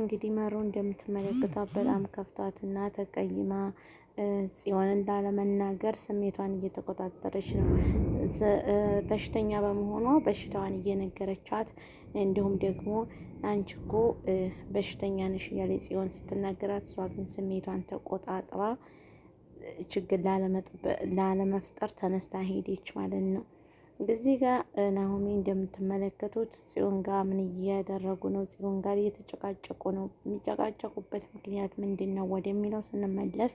እንግዲህ መሮ እንደምትመለከቷት በጣም ከፍቷትና ተቀይማ ጽዮንን ላለመናገር ስሜቷን እየተቆጣጠረች ነው። በሽተኛ በመሆኗ በሽታዋን እየነገረቻት እንዲሁም ደግሞ አንቺ እኮ በሽተኛ ነሽ እያለ ጽዮን ስትናገራት፣ እሷ ግን ስሜቷን ተቆጣጥራ ችግር ላለመፍጠር ተነስታ ሄደች ማለት ነው። በዚህ ጋር ናሆሚ እንደምትመለከቱት ጽዮን ጋር ምን እያደረጉ ነው? ጽዮን ጋር እየተጨቃጨቁ ነው። የሚጨቃጨቁበት ምክንያት ምንድን ነው ወደሚለው ስንመለስ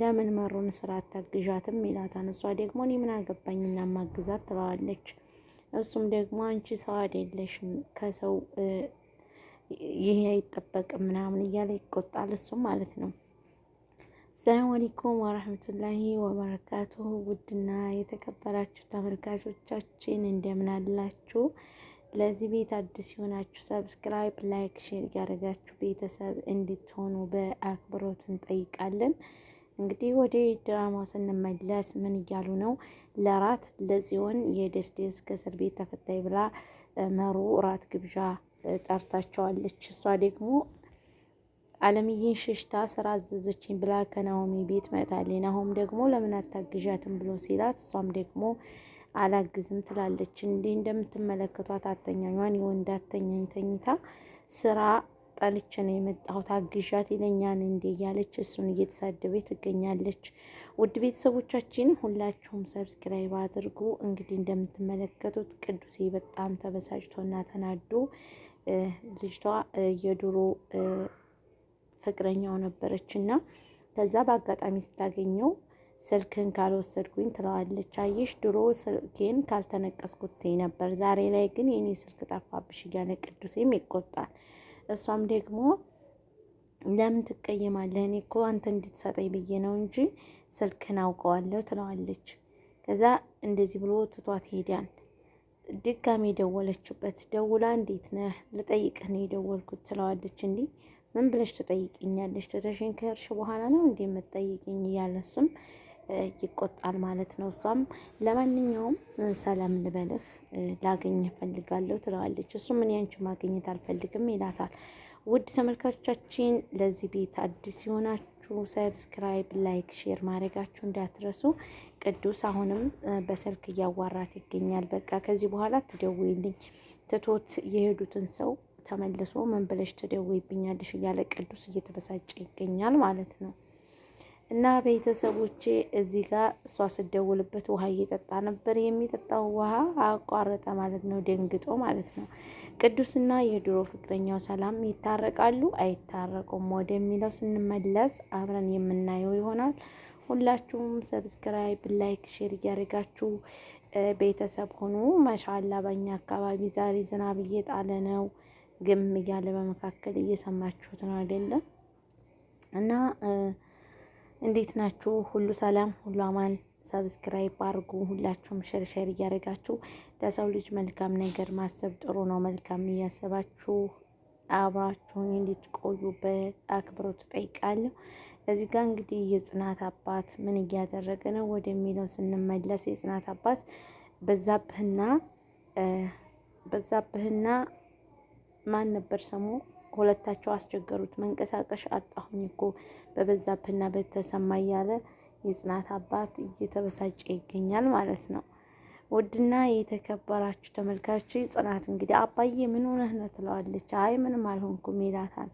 ለምን መሩን ስራ አታግዣትም ይላታል። እሷ ደግሞ እኔ ምን አገባኝና ማግዛት ትለዋለች። እሱም ደግሞ አንቺ ሰው አይደለሽም ከሰው ይሄ አይጠበቅም ምናምን እያለ ይቆጣል እሱ ማለት ነው። ሰላም አለይኩም ወራህመቱላሂ ወበረካቱ። ውድና የተከበራችሁ ተመልካቾቻችን እንደምን አላችሁ? ለዚህ ቤት አዲስ የሆናችሁ ሰብስክራይብ፣ ላይክ፣ ሼር እያደረጋችሁ ቤተሰብ እንድትሆኑ በአክብሮት እንጠይቃለን። እንግዲህ ወደ ድራማው ስንመለስ ምን እያሉ ነው? ለራት ለጽዮን የደስደስ ከእስር ቤት ተፈታይ ብላ መሩ ራት ግብዣ ጠርታቸዋለች። እሷ ደግሞ አለምዬን ሽሽታ ስራ አዘዘችኝ ብላ ከናኦሚ ቤት መጣለች። ናሆም ደግሞ ለምን አታግዣትም ብሎ ሲላት እሷም ደግሞ አላግዝም ትላለች። እንዲህ እንደምትመለከቷት አተኛኟን የወንድ አተኛኝ ተኝታ ስራ ጠልች ነው የመጣሁት አግዣት ይለኛን እንዴ እያለች እሱን እየተሳደበች ትገኛለች። ውድ ቤተሰቦቻችን ሁላችሁም ሰብስክራይብ አድርጉ። እንግዲህ እንደምትመለከቱት ቅዱሴ በጣም ተበሳጭቶና ተናዶ ልጅቷ የድሮ ፍቅረኛው ነበረች እና ከዛ በአጋጣሚ ስታገኘው ስልክን ካልወሰድኩኝ ትለዋለች። አየሽ ድሮ ስልኬን ካልተነቀስኩትኝ ነበር፣ ዛሬ ላይ ግን የኔ ስልክ ጠፋብሽ እያለ ቅዱሴም ይቆጣል። እሷም ደግሞ ለምን ትቀየማለህ? እኔ እኮ አንተ እንድትሰጠኝ ብዬ ነው እንጂ ስልክን አውቀዋለሁ ትለዋለች። ከዛ እንደዚህ ብሎ ትቷት ትሄዳል ድጋሚ ደወለችበት። ደውላ እንዴት ነህ ልጠይቅህ ነው የደወልኩት ትለዋለች። እንዲህ ምን ብለሽ ትጠይቅኛለሽ? ትተሽኝ ከሄድሽ በኋላ ነው እንዲህ የምትጠይቅኝ? እያለ እሱም ይቆጣል ማለት ነው። እሷም ለማንኛውም ሰላም ልበልህ ላገኝ ፈልጋለሁ ትለዋለች። እሱም እኔ አንቺን ማገኘት አልፈልግም ይላታል። ውድ ተመልካቾቻችን ለዚህ ቤት አዲስ የሆናችሁ ሰብስክራይብ፣ ላይክ፣ ሼር ማድረጋችሁ እንዳትረሱ። ቅዱስ አሁንም በስልክ እያዋራት ይገኛል። በቃ ከዚህ በኋላ ትደውይልኝ ትቶት የሄዱትን ሰው ተመልሶ ምን ብለሽ ትደውይብኛለሽ እያለ ቅዱስ እየተበሳጨ ይገኛል ማለት ነው። እና ቤተሰቦቼ እዚህ ጋር እሷ ስደውልበት ውሃ እየጠጣ ነበር። የሚጠጣው ውሃ አቋረጠ ማለት ነው፣ ደንግጦ ማለት ነው። ቅዱስና የድሮ ፍቅረኛው ሰላም ይታረቃሉ አይታረቁም ወደሚለው ስንመለስ አብረን የምናየው ይሆናል። ሁላችሁም ሰብስክራይብ፣ ላይክ፣ ሼር እያደረጋችሁ ቤተሰብ ሁኑ። መሻላ በኛ አካባቢ ዛሬ ዝናብ እየጣለ ነው። ግም እያለ በመካከል እየሰማችሁት ነው አይደለም? እና እንዴት ናችሁ? ሁሉ ሰላም፣ ሁሉ አማን። ሰብስክራይብ አድርጉ። ሁላችሁም ሸርሸር እያደረጋችሁ ለሰው ልጅ መልካም ነገር ማሰብ ጥሩ ነው። መልካም እያሰባችሁ አብራችሁን እንድትቆዩ በአክብሮት ጠይቃለሁ እዚህ ጋር እንግዲህ የጽናት አባት ምን እያደረገ ነው ወደሚለው ስንመለስ የጽናት አባት በዛብህና በዛብህና ማን ነበር ሰሙ ሁለታቸው አስቸገሩት። መንቀሳቀሽ አጣሁኝ እኮ በበዛብህና በተሰማ እያለ የጽናት አባት እየተበሳጨ ይገኛል ማለት ነው። ውድና የተከበራችሁ ተመልካች ጽናት እንግዲህ አባዬ ምን ሆነህ ነው ትለዋለች። አይ ምንም አልሆንኩም ይላታል።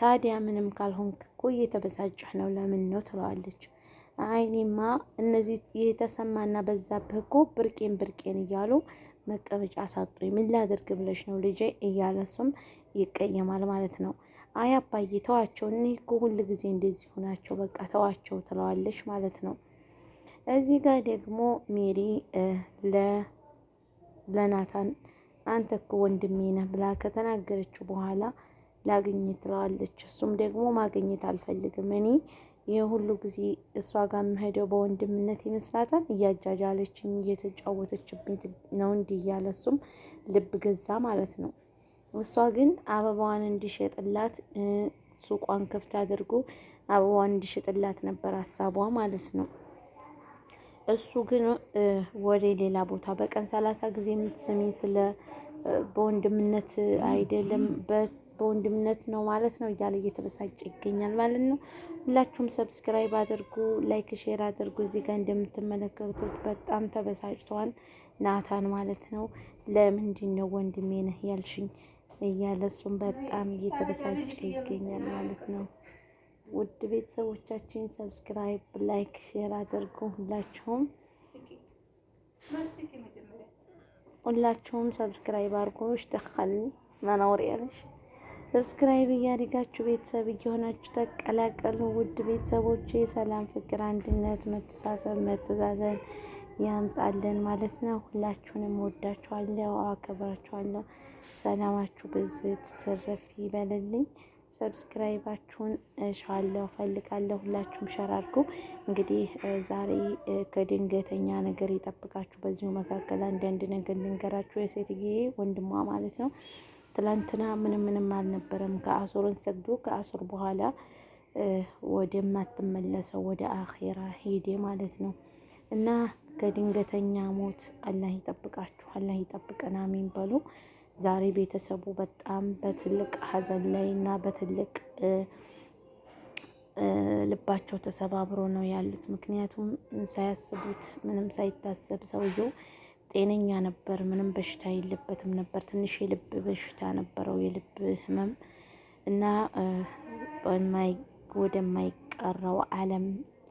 ታዲያ ምንም ካልሆንክ እኮ እየተበሳጨህ ነው ለምን ነው ትለዋለች። አይኔማ እነዚህ የተሰማና በዛብህ እኮ ብርቄን ብርቄን እያሉ መቀመጫ አሳጡኝ። ምን ላድርግ ብለሽ ነው ልጄ እያለ እሱም ይቀየማል ማለት ነው። አይ አባዬ ተዋቸው፣ እኒህ እኮ ሁል ጊዜ እንደዚህ ሆናቸው፣ በቃ ተዋቸው ትለዋለች ማለት ነው። እዚህ ጋር ደግሞ ሜሪ ለናታን አንተ እኮ ወንድሜ ነህ ብላ ከተናገረችው በኋላ ላግኘት ትለዋለች። እሱም ደግሞ ማግኘት አልፈልግም እኔ ይህ ሁሉ ጊዜ እሷ ጋር የምሄደው በወንድምነት ይመስላታል። እያጃጃለችኝ እየተጫወተችብኝ ነው። እንዲህ እያለ እሱም ልብ ገዛ ማለት ነው። እሷ ግን አበባዋን እንዲሸጥላት ሱቋን ክፍት አድርጎ አበባዋን እንዲሸጥላት ነበር ሀሳቧ ማለት ነው። እሱ ግን ወደ ሌላ ቦታ በቀን ሰላሳ ጊዜ የምትሰሚኝ ስለ በወንድምነት አይደለም በወንድምነት ነው ማለት ነው እያለ እየተበሳጨ ይገኛል ማለት ነው። ሁላችሁም ሰብስክራይብ አድርጉ፣ ላይክ ሼር አድርጉ። እዚህ ጋር እንደምትመለከቱት በጣም ተበሳጭተዋል ናታን ማለት ነው። ለምንድን ነው ወንድሜ ነህ ያልሽኝ እያለ እሱም በጣም እየተበሳጨ ይገኛል ማለት ነው። ውድ ቤተሰቦቻችን ሰብስክራይብ፣ ላይክ፣ ሼር አድርጉ ሁላችሁም ሁላችሁም ሰብስክራይብ አድርጉ። ሽተኸል መኖር ያለሽ ሰብስክራይብ እያደረጋችሁ ቤተሰብ እየሆናችሁ ተቀላቀሉ። ውድ ቤተሰቦች የሰላም ፍቅር፣ አንድነት፣ መተሳሰብ፣ መተዛዘን ያምጣለን ማለት ነው። ሁላችሁንም ወዳችኋለሁ፣ አከብራችኋለሁ። ሰላማችሁ ብዝት ትርፍ ይበልልኝ። ሰብስክራይባችሁን እሻለሁ እፈልጋለሁ። ሁላችሁም ሸር አድርጉ። እንግዲህ ዛሬ ከድንገተኛ ነገር ይጠብቃችሁ። በዚሁ መካከል አንዳንድ ነገር ልንገራችሁ። የሴትዬ ወንድሟ ማለት ነው ትላንትና ምንም ምንም አልነበረም። ከአሱርን ሰግዶ ከአሱር በኋላ ወደማትመለሰው ወደ አኼራ ሄዴ ማለት ነው እና ከድንገተኛ ሞት አላህ ይጠብቃችሁ፣ አላህ ይጠብቀን፣ አሚን በሉ። ዛሬ ቤተሰቡ በጣም በትልቅ ሀዘን ላይ እና በትልቅ ልባቸው ተሰባብሮ ነው ያሉት። ምክንያቱም ሳያስቡት ምንም ሳይታሰብ ሰውየው ጤነኛ ነበር። ምንም በሽታ የለበትም ነበር። ትንሽ የልብ በሽታ ነበረው፣ የልብ ህመም እና ወደማይቀረው ዓለም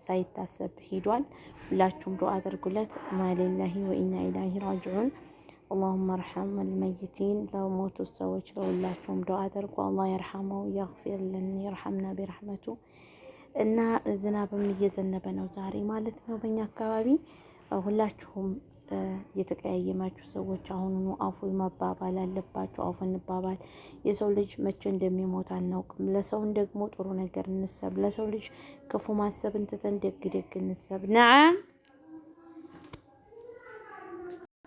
ሳይታሰብ ሂዷል። ሁላችሁም ዱዓ አድርጉለት። ማሊላሂ ወኢና ኢላሂ ራጅዑን። አላሁመ እርሐም አልመይቲን። ለሞቱ ሰዎች ለሁላችሁም ዱዓ አድርጉ። አላህ የርሐመው የግፊርልን የርሐምና ቢረሕመቱ። እና ዝናብም እየዘነበ ነው ዛሬ ማለት ነው በእኛ አካባቢ ሁላችሁም የተቀያየማችሁ ሰዎች አሁኑኑ አፉ መባባል አለባችሁ። አፉ እንባባል። የሰው ልጅ መቼ እንደሚሞት አናውቅም። ለሰውን ደግሞ ጥሩ ነገር እንሰብ። ለሰው ልጅ ክፉ ማሰብ እንትተን ደግ ደግ እንሰብ። ነዓም